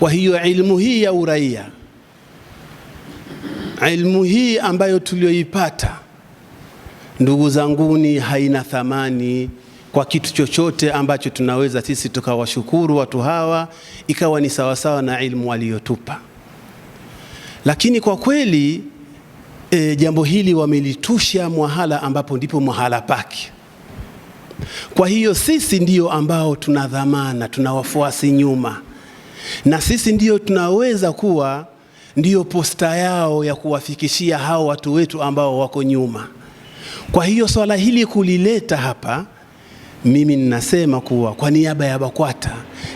Kwa hiyo ilmu hii ya uraia, ilmu hii ambayo tulioipata ndugu zanguni, haina thamani kwa kitu chochote ambacho tunaweza sisi tukawashukuru watu hawa ikawa ni sawasawa na ilmu waliyotupa. Lakini kwa kweli e, jambo hili wamelitusha mwahala ambapo ndipo mwahala pake. Kwa hiyo sisi ndio ambao tuna dhamana, tuna wafuasi nyuma na sisi ndiyo tunaweza kuwa ndiyo posta yao ya kuwafikishia hao watu wetu ambao wako nyuma. Kwa hiyo swala hili kulileta hapa, mimi ninasema kuwa kwa niaba ya BAKWATA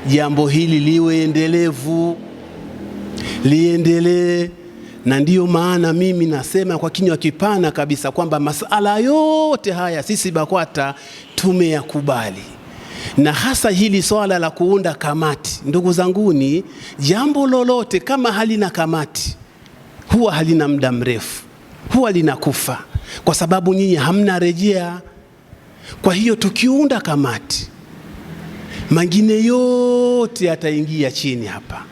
jambo hili liwe endelevu, liendelee na ndiyo maana mimi nasema kwa kinywa kipana kabisa kwamba masala yote haya sisi BAKWATA tumeyakubali na hasa hili swala la kuunda kamati. Ndugu zanguni, jambo lolote kama halina kamati huwa halina muda mrefu, huwa linakufa, kwa sababu nyinyi hamna rejea. Kwa hiyo tukiunda kamati, mengine yote yataingia chini hapa.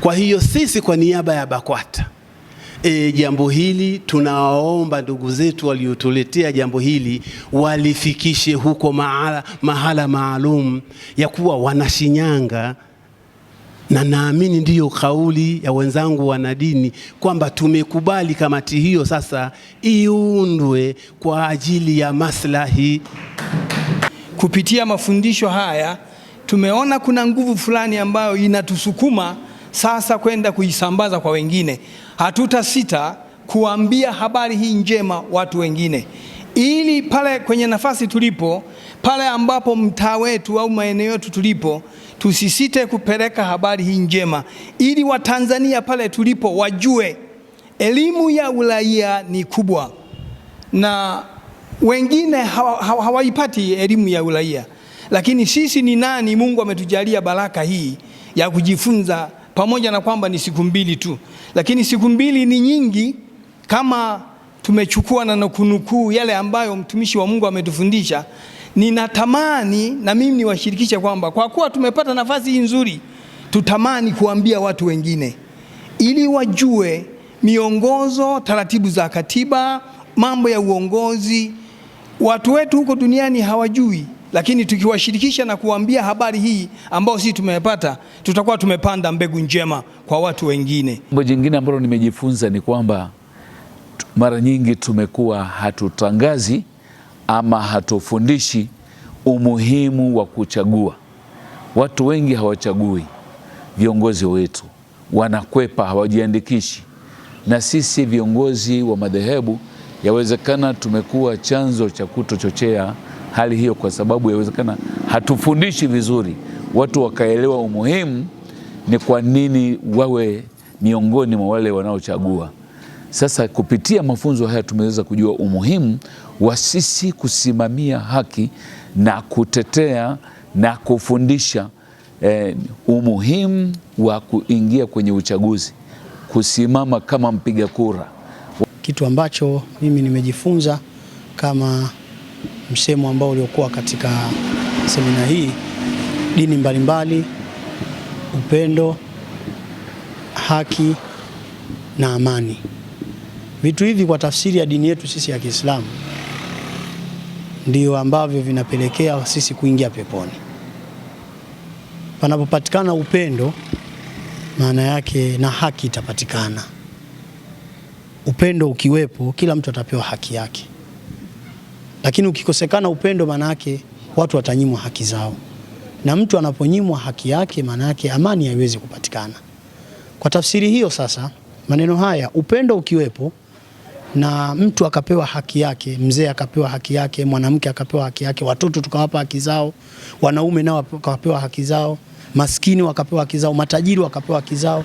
Kwa hiyo sisi kwa niaba ya BAKWATA e, jambo hili tunawaomba ndugu zetu waliotuletea jambo hili walifikishe huko mahala, mahala maalum ya kuwa wanashinyanga na naamini ndiyo kauli ya wenzangu wanadini kwamba tumekubali kamati hiyo sasa iundwe kwa ajili ya maslahi. Kupitia mafundisho haya tumeona kuna nguvu fulani ambayo inatusukuma sasa kwenda kuisambaza kwa wengine. Hatutasita kuambia habari hii njema watu wengine, ili pale kwenye nafasi tulipo, pale ambapo mtaa wetu au maeneo yetu tulipo, tusisite kupeleka habari hii njema, ili Watanzania pale tulipo wajue elimu ya uraia ni kubwa, na wengine hawaipati hawa, hawa elimu ya uraia. Lakini sisi ni nani? Mungu ametujalia baraka hii ya kujifunza pamoja na kwamba ni siku mbili tu, lakini siku mbili ni nyingi kama tumechukua na kunukuu yale ambayo mtumishi wa Mungu ametufundisha. Ninatamani na mimi niwashirikishe kwamba kwa kuwa tumepata nafasi hii nzuri, tutamani kuambia watu wengine ili wajue miongozo, taratibu za katiba, mambo ya uongozi. Watu wetu huko duniani hawajui lakini tukiwashirikisha na kuambia habari hii ambayo sisi tumepata, tutakuwa tumepanda mbegu njema kwa watu wengine. Jambo jingine ambalo nimejifunza ni kwamba mara nyingi tumekuwa hatutangazi ama hatufundishi umuhimu wa kuchagua. Watu wengi hawachagui viongozi wetu, wanakwepa, hawajiandikishi. Na sisi viongozi wa madhehebu, yawezekana tumekuwa chanzo cha kutochochea hali hiyo, kwa sababu yawezekana hatufundishi vizuri watu wakaelewa umuhimu ni kwa nini wawe miongoni mwa wale wanaochagua. Sasa kupitia mafunzo haya tumeweza kujua umuhimu wa sisi kusimamia haki na kutetea na kufundisha eh, umuhimu wa kuingia kwenye uchaguzi, kusimama kama mpiga kura, kitu ambacho mimi nimejifunza kama msemo ambao uliokuwa katika semina hii, dini mbalimbali, upendo, haki na amani. Vitu hivi kwa tafsiri ya dini yetu sisi ya Kiislamu ndio ambavyo vinapelekea sisi kuingia peponi. Panapopatikana upendo, maana yake na haki itapatikana. Upendo ukiwepo, kila mtu atapewa haki yake. Lakini ukikosekana upendo, manake watu watanyimwa haki zao, na mtu anaponyimwa haki yake, manake amani haiwezi kupatikana. Kwa tafsiri hiyo sasa, maneno haya upendo ukiwepo na mtu akapewa haki yake, mzee akapewa haki yake, mwanamke akapewa haki yake, watoto tukawapa haki zao, wanaume nao wakapewa haki zao maskini wakapewa haki zao, matajiri wakapewa haki zao,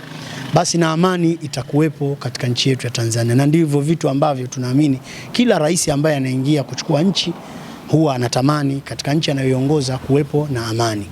basi na amani itakuwepo katika nchi yetu ya Tanzania. Na ndivyo vitu ambavyo tunaamini kila rais ambaye anaingia kuchukua nchi huwa anatamani katika nchi anayoiongoza kuwepo na amani.